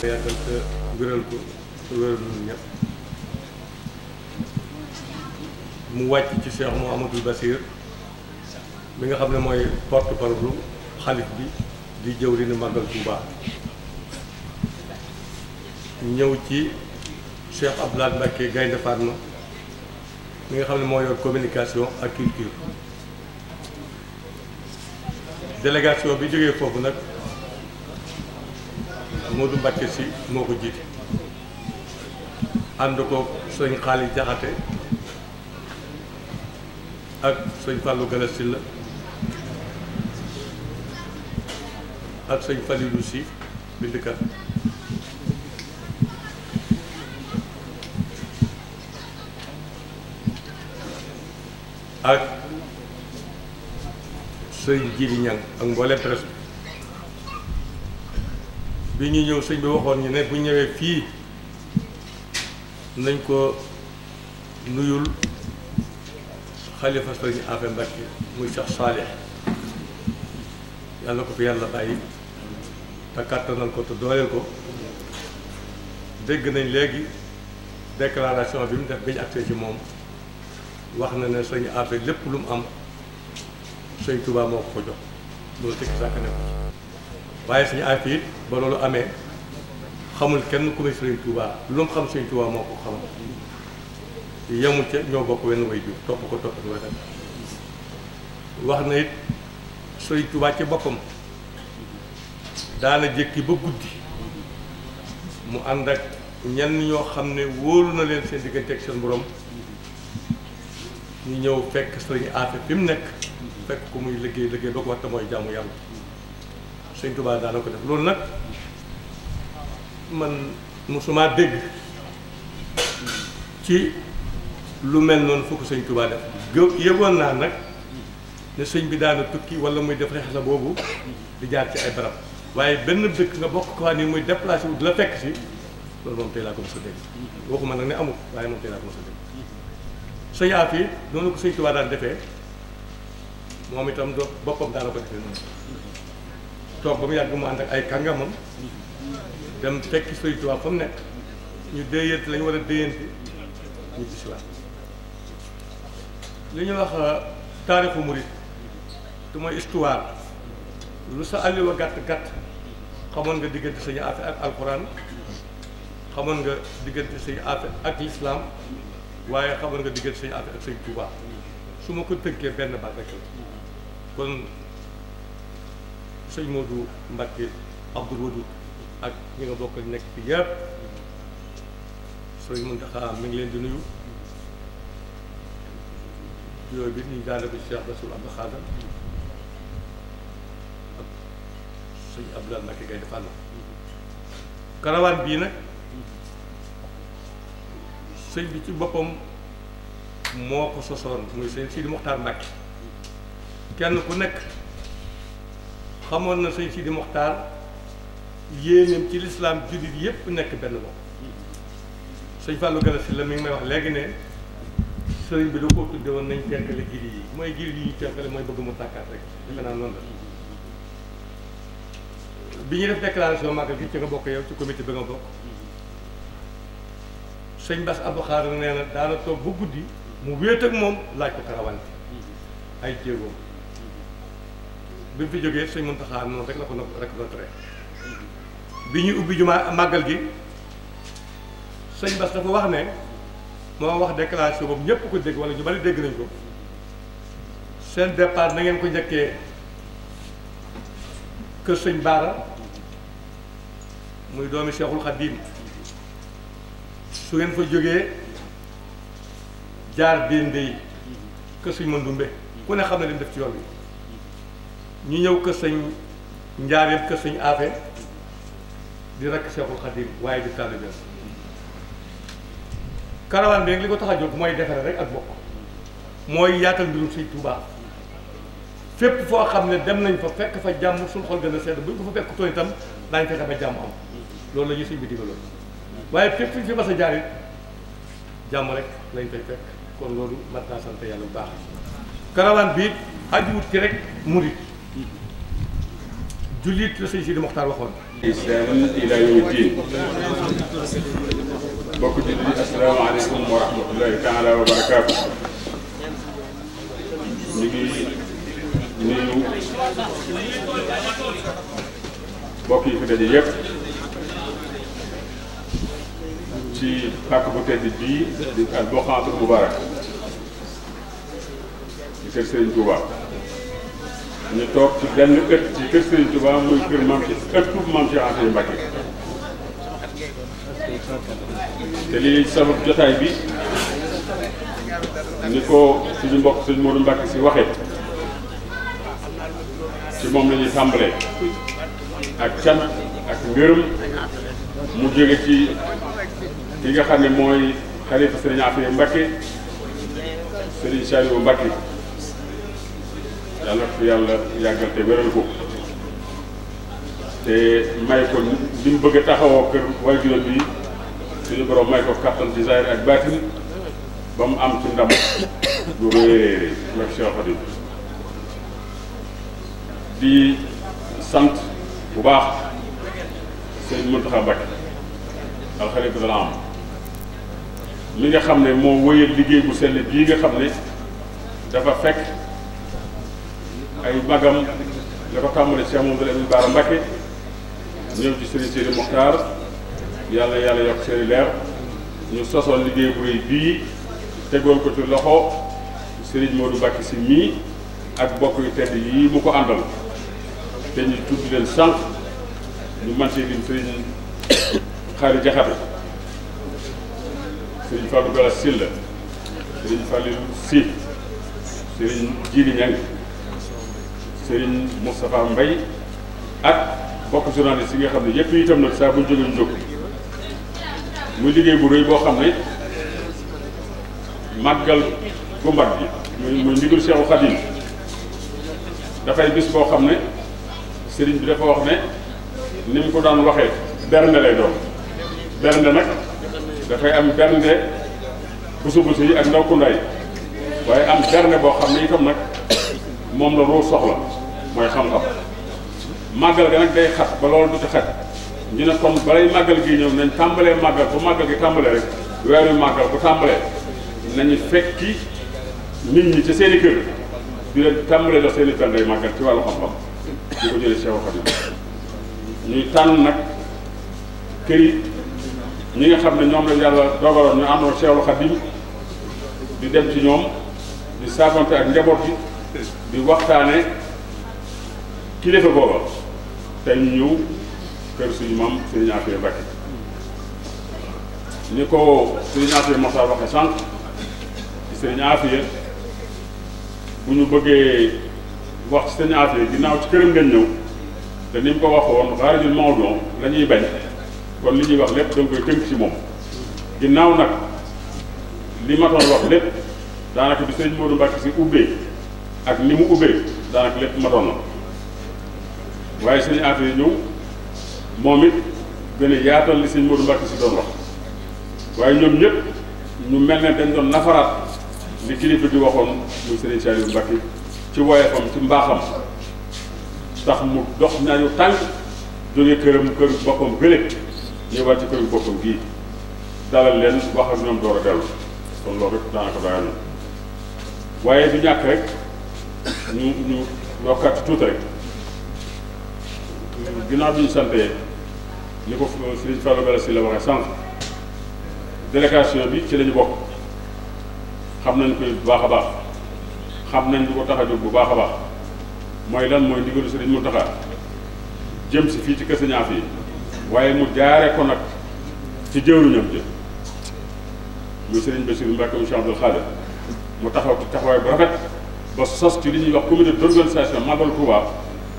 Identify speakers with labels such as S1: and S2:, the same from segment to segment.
S1: ko mu wàcc ci Cheikh Mouhamadou Bassir mi nga xam ne mooy porte parole xalif bi di jëwriñu màggal Tuubaa ñëw ci Cheikh Abdoulaye Mbacké Gaynde Fatma mi nga xam ne moo yor communication ak culture délégation bi jógee foofu nag Modou Mbacké si moo ko jiite ànd ko sëñ Xaalis Jaxate ak sëñ Fallou Gala Sylla ak sëñ Falilou si bindkat ak sëñ Jili Ñang ak mboolem presse bi ñuy ñëw sëñ bi waxoon ñu ne bu ñëwee fii nañ ko nuyul xalifa sëriñ Afe Mbacke muy Cheikh Saalih yàlla ko fi yàlla bàyyi te kàttanal ko te dooleel ko dégg nañ léegi déclaration bi mu def bi ñu agsee ci moom wax na ne sëñ Afe lépp lu mu am sëñ Touba moo ko ko jox loolu tekki sàkk ne ko waaye sëñ Afe it ba loolu amee xamul kenn ku muy Sëriñ Tuubaa lu mu xam Sëriñ Tuubaa moo ko xamal yemul ca ñoo bokk wenn way jur topp ko topp ko wetam wax na it Sëriñ Tuubaa ci boppam daana jékki ba guddi mu ànd ak ñenn ñoo xam ne wóolu na leen seen diggante ak seen borom ñu ñëw fekk sëriñ Afe fi mu nekk fekk ko muy liggéey liggéey ba ko wax te mooy jaamu yàlla sëñ Tuubaa daana ko def loolu nag man musuma dégg ci lu mel noonu fukk sëñ Tuubaa def gë yëgoon naa nag ne sëñ bi daana tukki wala muy def rex la boobu di jaar ci ay barab waaye benn dëkk nga bokk ko ni muy déplacé wu di la fekk si loolu moom tey laa ko mos a waxuma nag ne amul waaye moom tey laa ko mos a dégg sa yaaf yi noonu ko sëñ Tuubaa daan defee moom itam do boppam daana ko defee noonu toog ba mu yàgg mu ànd ak ay kàngamam dem fekki Sëriñ Tuubaa fa mu nekk ñu déyante la ñu war a ñu bisiwaat li ñu wax euh, taarixu murit te mooy histoire lu sa alliwa gàtt-gàtt xamoon nga diggante sañu affaire ak alquran xamoon nga diggante sañu affaire ak lislaam waaye xamoon nga diggante sañu affaire ak Sëriñ Tuubaa su ma ko tënkee benn baat rek la sëñ Modou Mbacke Abdoul Wadoud ak ñi nga bokkal nekk fi yëpp sëñ Mountakha mi ngi leen di nuyu yooyu bi ñu daane ko Cheikh Bassirou Abdou Khadre ak sëñ Abdoulaye Mbacke Gaye defal na karawaan bii nag sëñ bi ci boppam moo ko sosoon muy sëñ Sidi Mokhtar Mbacke kenn ku nekk xamoon na sëñ Sidi Mokhtar yéeneem ci lislaam jullit yépp nekk benn bopp sëñ Fallou Galassi la mi may wax léegi ne sëriñ bi da koo tudde woon nañ teqale giri yi mooy giri yi ñu teqale mooy bëgg mu tàkkaat rek defe naa noonu la bi ñuy def déclaration màggal gi ci nga bokk yow ci comité bi nga bokk sëñ Bass Abdou Khadre nee na daana toog bu guddi mu wéet ak moom laaj ko karawante ay jéegoom bi mu fi jógee sëñ Muntaxa noonu rek la ko rek la tere bi ñuy ubbi jumaa màggal gi sëñ Bass dafa wax ne moo wax déclaration boobu ñëpp ko dégg wala ñu bari dégg nañ ko seen départ na ngeen ko njëkkee kër sëñ Baara muy doomi Cheikhul Khadim su ngeen fa jógee jaar déndé yi kër sëñ Mandoumbe ku ne xam ne leen def ci yoon yi ñu ñëw kër sëñ njaareem kër sëñ aafe di rakk Seexul Xadim waaye di taalibe karawaan bi li ko tax a jóg mooy defaree rek ak bokk mooy yaatal mbirum sëñ Tuubaa fépp foo xam ne dem nañ fa fekk fa jàmm su xol gën a sedd buñ ko fa fekk toon itam daañ fexe ba jàmm am loolu la ñu sëñ bi digaloon waaye fépp fi fi mas a jaar jàmm rek lañ fay fekk kon loolu mat naa sant yàlla bu baax karawaan bi it ajuwut ci rek murit jullit la sëñ Sidi Moxtaar waxoon islam ila yawmi diin
S2: bokk jullit yi asalaamaaleykum wa rahmatullahi taala wa barakaatu ñu ngi nuyu bokk yi fi daje yëpp ci pàkk bu tedd bii di al boqaatul mubarak di kër Sëriñ Tuubaa ñu toog ci benn ëtt ci kër Serigne Touba muy kër maam ci ëttu maam ci Anta Mbacke te lii sabab jotaay bi ni ko suñu mbokk suñu Modou Mbacke si waxee ci moom la ñuy ak can ak ngërëm mu jóge ci ki nga xam ni mooy xalifa Serigne Afia Mbacke Serigne Saliou Mbacke yàlla fi yàlla yàggal te wéral ko te may ko li mu bëgg taxawoo kër waajuram bi suñu borom may ko kattan ci ak baatin ba mu am ci ndam lu réeréer ak Cheikh Xadim di sant bu baax sëñ Muntaxa Mbakke alxalifa dana am li nga xam ne moo wëyal liggéey bu sell bii nga xam ne dafa fekk ay magam la ko tàmbalee Cheikh Mamadou Lamine Bara Mbacké ñëw ci Serigne Sidi Mokhtar yàlla yàlla yokk seeni leer ñu sosoon liggéey bu bii tegoon ko ci loxo Serigne Modou Mbacké si mii ak bokk yu tedd yii mu ko àndal te ñu tudd leen sànq ñu man ci lim Serigne Xaari Jaxate Serigne Fallou Gala Sylla Serigne Fallou Si Serigne Jili Ñang Serigne Moustapha mbay ak bokk journaliste yi nga xam ne yëpp itam nag saa bu jóge ñu jóg muy liggéey bu réy boo xam ne màggal gu mag bi muy muy ndigal Cheikhul Khadim dafay bis boo xam ne Serigne bi dafa wax ne ni mu ko daan waxee bernde lay doon bernde nag dafay am bernde busu busu yi ak ndaw kundaay waaye am bernde boo xam ne itam nag moom la ruur soxla mooy xam-xam màggal ga nag day xat ba loolu du ci xat ñu ne kon balay màggal gi ñëw nañ tàmbalee màggal bu màggal gi tàmbalee rek weeru màggal bu tàmbalee nañu fekki nit ñi ci seeni kër di leen tàmbalee dox seen i day màggal ci wàllu xam-xam ko jëlee Cheikh Khadim ñuy tànn nga xam ne ñoom lañ yàlla dogaloon ñu àndoon Cheikhul Khadim di dem ci ñoom di saafonte ak njaboot bi di waxtaane kilifa booba tey ñu ñëw kër suñu maam suñu affaire Mbacke ni ko suñu affaire Moussa waxee sànq ci suñu affaire bu ñu bëggee wax ci suñu affaire ginnaaw ci këram ngeen ñëw te ni mu ko waxoon xaarijul mawdon la ñuy bañ kon li ñuy wax lépp da nga koy ci moom ginnaaw nag li ma doon wax lépp daanaka bi sëñ Modou Mbacke si ubbee ak ni mu ubbee daanaka lépp ma doon na waaye suñu affaire yi ñëw moom it gën a yaatal li sëñ Modou Mbacke si doon wax waaye ñoom ñëpp ñu mel ne dañ doon nafaraat li kilifa di waxoon muy sëriñ Saliou Mbacke ci woyefam ci mbaaxam tax mu dox nañu tànk jóge këram kër boppam gële ñëwaat ci kër boppam gii dalal leen wax ak ñoom door a dellu kon loolu rek daanaka doyal na waaye du ñàkk rek ñu ñu yokkaat tuuti rek. ginnaaw bi ñu santee ni ko Serigne Fallou Gala si la waxee sant délégation bi ci la bokk xam nañ koy bu baax a baax xam nañ lu ko tax a jóg bu baax a baax mooy lan mooy ndigalu Serigne Mountakha jëm si fii ci Kër yi waaye mu jaare ko nag ci jëwriñam jë muy Serigne Bassirou Mbacké mu Cheikh Abdoul Khadir mu taxaw ci taxawaay bu rafet ba sos ci li ñuy wax comité d'organisation Magal Touba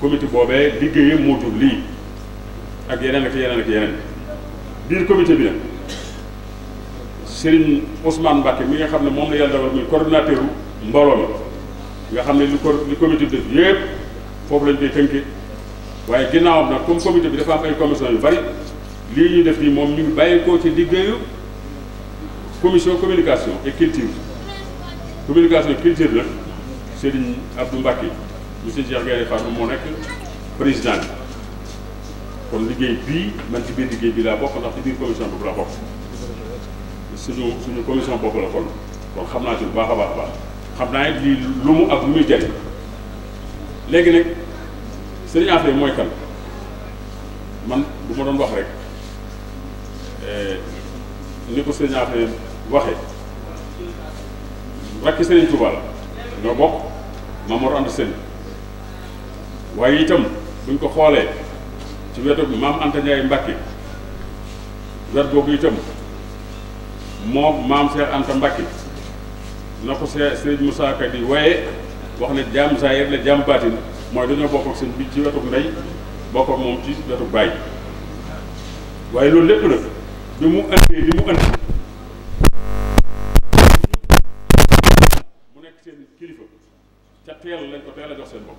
S2: comité boobee liggéeyam moo jur lii ak yeneen ak yeneen ak yeneen biir comité bi nag Serigne Ousmane Mbacke mi nga xam ne moom la yàlla dogal muy coordonnateur mbooloo nga xam ne li ko li comité bi def yëpp foofu lañ koy tënke waaye ginnaawam nag comme comité bi dafa am ay commission yu bari lii ñuy def nii moom ñu ngi bàyyi ko ci liggéeyu commission communication et culture communication et culture nag Serigne Abdou monsieur Cheikh Gaïndé Fatma moo nekk président kon liggéey bii man ci biir liggéey bi laa bokk ndax ci biir commission boobu laa bokk suñu suñu commission boobu la kon kon xam naa ci lu baax a baax a baax xam naa it lu mu ak lu muy jariñ léegi nag sëriñ Afé mooy kan man bu ma doon wax rek eh, ni ko sëriñ Afé waxee rakki sëriñ Touba la ñoo bokk Mamour ànd sëriñ waaye itam buñ ko xoolee ci wetu maam Anta Ndiaye Mbacke wet googu itam moom maam Cheikh Anta Mbacke na ko see Serigne Moussa Ka di waaye wax ne jaam zaahir la jaam baatin mooy dañoo bokk ak seen bi ci wetu ndey bokk ak moom ci wetu baay waaye loolu lépp la bi mu andee li mu andi mu nekk seen kilifa ca teel lañ ko teel a jox seen bopp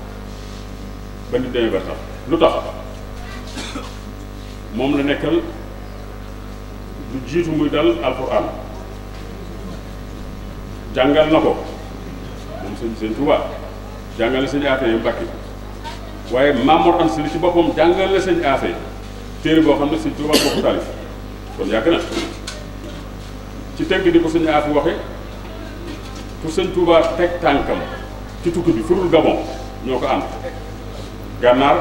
S2: ba nit demee ba tax lu tax moom la nekkal lu jiitu muy dal alquran jàngal na ko moom sëñ sëñ Tuubaa jàngal na sëñ aafe yi Mbàkke waaye Maamor Anta Sali ci boppam jàngal na sëñ aafe yi téere boo xam ne sëñ Tuubaa bokk taalif kon yàgg na ci tegg di ko sëñ aafe waxe fu sëñ Tuubaa teg tànkam ci tukki bi furul Gabon ñoo ko ànd gànnaar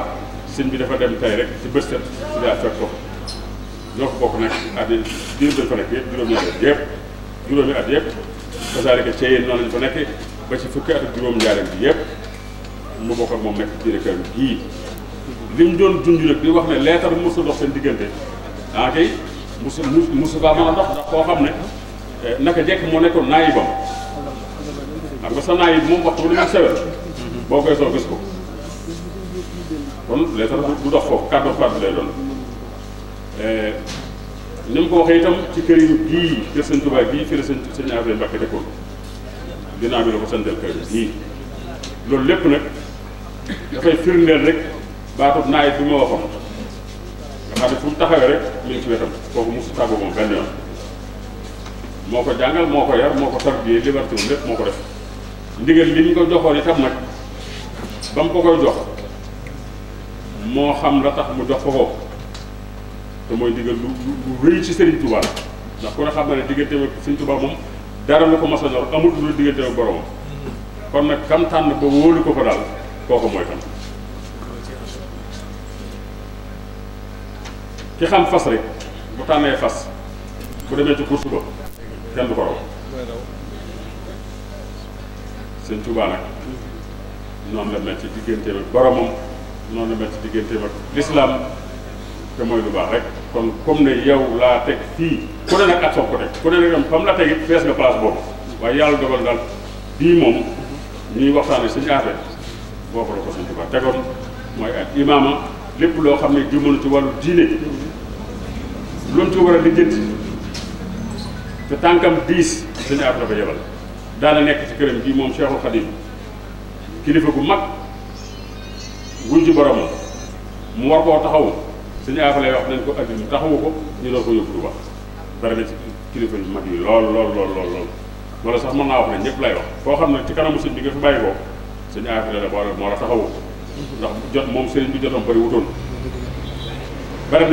S2: sëñ bi dafa dem tey rek ci bés set si daal fekk ko ñoo ko bokk nag at yi diir dañ fa nekk yëpp juróomi at yëpp juróomi at yëpp kasaalika cee noonu lañ ko nekk ba ci fukki at ak juróom njaareem bi yëpp mu bokk ak moom nekk ci directeur bi yii li mu doon di wax ne leetar mos a dox seen diggante ah kay mos a mos a mën a dox koo xam ne eh, naka jekk moo nekkoon naayibam xam nga sa naayib moom waxtu bi ni mu sewee boo koy soo gis ko kon leetar du dox foofu kàddu kàddu lay doon eh, ni mu ko waxee itam ci kër yi gii kër sëñ Tuubaa gii fi la sëñ sëñ Abdou Mbacké dëkkoon ginnaaw bi lépp nag dafay firndeel rek baatut naay bi waxoon nga xam fu mu taxawee rek mi ngi ci wetam kooku mosu tàggu moom benn yoon moo ko jàngal moo ko yar moo ko tarbiyee liberté lépp moo ko def ndigal li ñu ko joxoon itam nag ba mu ko koy jox moo xam la tax mu jox ko ko te mooy digal lu lu rëy ci Serigne Touba ndax ku ne xam na ne diggante ak Serigne Touba moom dara lu ko mos nag kam tànn ba wóolu ko ko daal fas rek fas bu demee ci course ba noonu la mel ci diggante ak boromam. noonu la mel ci digganteem ak l'islam te mooy lu baax rek kon comme ne yow laa teg fii ku ne nag ak soog ko teg ku ne nag yow comme la teg it fees nga place waaye yàlla dogal daal bii moom ñuy waxtaan suñu affaire boobu la ko suñu tubaab tegoon mooy ak imaama lépp loo xam ne jumanu ci wàllu diine luñ ci war a lijjanti te tànkam diis suñu affaire ba yebal daana nekk ci këram bii moom Cheikhul Khadim kilifa gu mag. wuy ji borom mu war koo taxawu suñu affaire wax nañ ko andi taxawu ko ñu doon ko yóbbu Tuuba bari na ci kilifa yu mag yi lool lool lool lool sax mën naa wax koo xam ne ci kanamu sëñ bi nga fi bàyyi ko moo la taxawu jot moom sëriñ bi jotam bari wutoon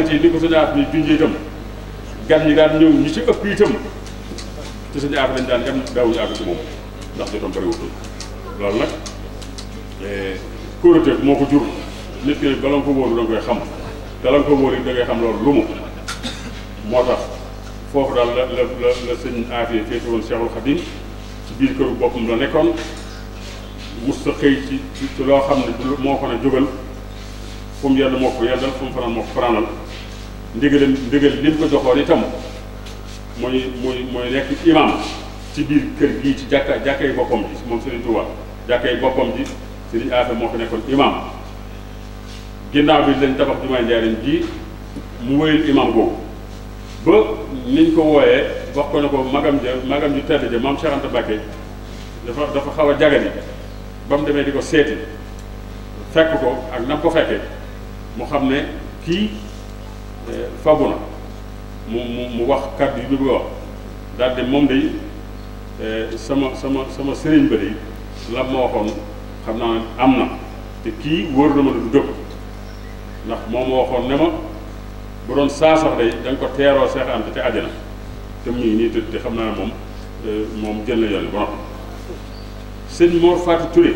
S2: ci ni ko suñu affaire yi gan ñi daan ñëw ñu ci daan yem daawuñu àgg ci moom ndax jotam nag. Eh, kóorute moo ko jur nit ki nag bala ko wóolu da nga koy xam te la nga ko wóolu it da xam loolu lu moo tax foofu daal la la la la sëñ aafee féete woon Cheikhul Khadim ci biir këru boppam la nekkoon wut sa xëy ci loo xam ne moo ko ne jógal fu mu yàlla moo ko yàlla fu mu fanaan moo ko fanaanal ndigal ndigal li ko joxoon itam mooy mooy mooy nekk imam ci biir kër gii ci jàkka jàkkay boppam ji moom Sëriñ Tuubaa jàkkay boppam ji Serigne Affe moo fi nekkoon imam ginnaaw bi lañ tabax jumaay njaareem ji mu wéyul imam boobu ba niñ ko wooyee wax ko ne ko magam ja magam ju tedd ja maam Cheikh Anta dafa dafa xaw a jagani ba mu demee di ko seeti fekk ko ak nam ko fekkee mu xam ne kii eh, fagu na mu mu mu wax kàddu yi mu bëgg wax daal de moom eh, day sama sama sama sëriñ ba day la ma waxoon xam naa ne am na te kii wóor na ma ne du dëgg ndax moom waxoon ne ma bu doon saasax day da ko teeroo Seex Anta te àjjana te mu ngi nii te xam naa ne moom euh, moom jël na yoon bon sëñ Mor Fatou Touré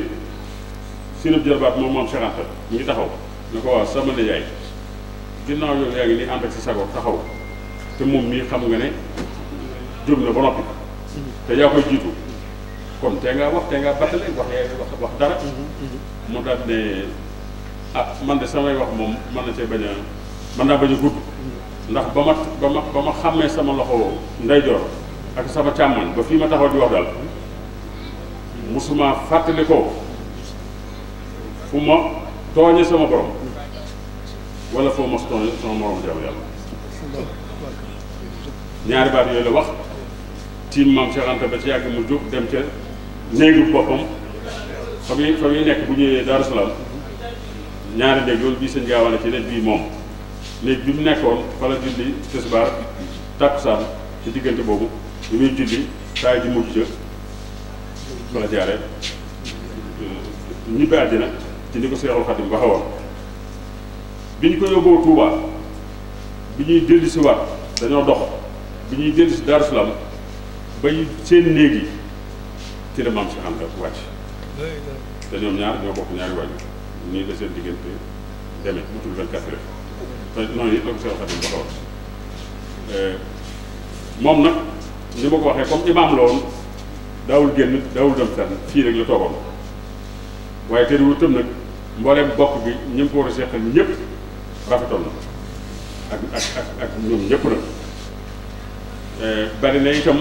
S2: sëñ ab moom moom Seex Anta ngi taxaw ne ko waaw sama ne yaay ginnaaw yow yaa ngi nii ànd ak sa sago taxaw te moom mii xam nga ne jóg na ba noppi te yaa koy jiitu kon tey ngaa wax tey ngaa baxale lay wax wax dara. Mhm, mhm. mu daal ne ah man de samay wax moom mën na cee bañ a naa bañ gudd. ndax ba ma ba ma ba xàmmee sama loxo ndeyjoor ak sama càmmoñ ba fii ma taxaw di wax daal musuma fàttali ko fu ma tooñe sama borom wala foo mos tooñe sama morom jaamu yàlla ñaari baat yooyu la wax tiim ma Cheikh Anta ba ci yàgg mu jóg dem ca néegu boppam fa muy fa muy nekk bu ñëwee Daaru Salaam ñaari néeg loolu bii sëñ ci nekk bii moom néeg bi mu nekkoon fa la julli tisbaar takkusaan ci diggante boobu bi muy julli taay ji mujj ca fa la jaaree ñibbi àddina ci ni ko Seexul Xadim waxe bi ñu ko yóbboo Touba bi ñuy dellu si waat dañoo dox bi ñuy dellu si Daaru ba bay seen néeg yi ci la maam Cheikh Anta wàcc te ñoom ñaar ñoo bokk ñaari waajur nii la seen diggante demee matul 24 heures te eh, moom na ni ma ko waxee comme imaam la woon daawul génn daawul dem fenn fii rek la toogoon waaye te du tëm nag mbooleem bokk bi ñi mu ko war a seqal ñëpp rafetoon na ak ak ak ñoom ñëpp nag eh, bari na itam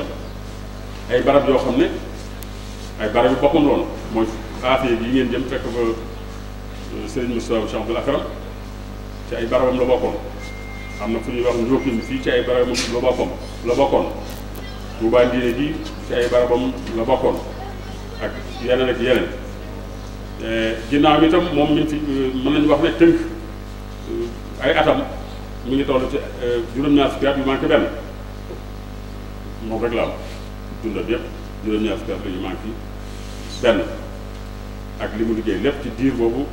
S2: ay barab yoo xam ne ay barab yu boppam loolu mooy xaafee yi ngeen jëm fekk fa sëriñ Moustapha Cheikh Abdoul Akram ci ay barabam la bokkoon am na fu ñuy wax njóokin fii ci ay barabam la bokkoon la bokkoon Tuubaa diine ay barabam la bokkoon ak yeneen ak yeneen ginnaaw bi itam moom mi fi euh, mën nañu wax ne tënk euh, ay atam mi ngi toll ci euh, juróom-ñaar fukki at yu manqué benn moom rek la am dundam yëpp juróom-ñaar fukki at la benn ak li mu liggéey lépp ci diir boobu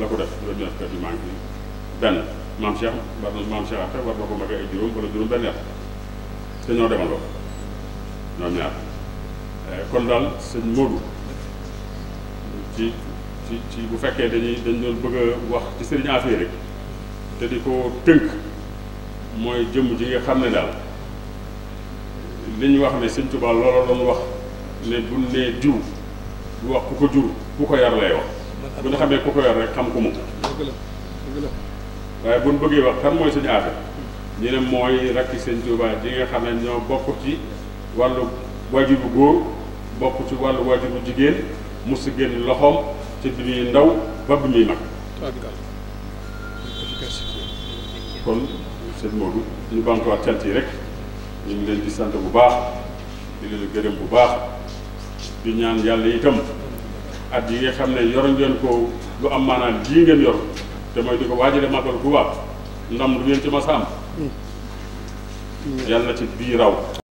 S2: la ko def loolu ñu def kër gi maa ngi maam Cheikh war na war na ko mag ay juróom wala juróom benn at te ñoo demandoo ñoom ñaar eh, kon daal sëñ Modou ci ci ci bu fekkee dañuy dañ doon bëgg wax ci sëriñ Afia te di ko tënk mooy jëm ji nga xam ne daal li ñu wax ne sëñ Tuubaa loolu la wax ne bu nee diw du wax ku ko jur ku ko yar lay wax bu ñu xamee ku ko yar rek xam ko mu waaye bu ñu bëggee wax kan mooy sëñ Afia ñu ne mooy rakki sëñ Touba ji nga xam ne ñoo bokk ci wàllu waajur bu góor bokk ci wàllu waajur bu jigéen mu si génn loxoom ci bi muy ndaw ba bi muy mag kon sëñ Modou ñu bantuwaat cant rek ñu ngi leen di sant bu baax di leen gërëm bu baax di ñaan yàlla itam at yi nga xam ne yor ngeen ko lu am maanaam lii ngeen yor te mooy di ko waajale màggal ku ndam lu ngeen ci mas a mm. yàlla ci bii raw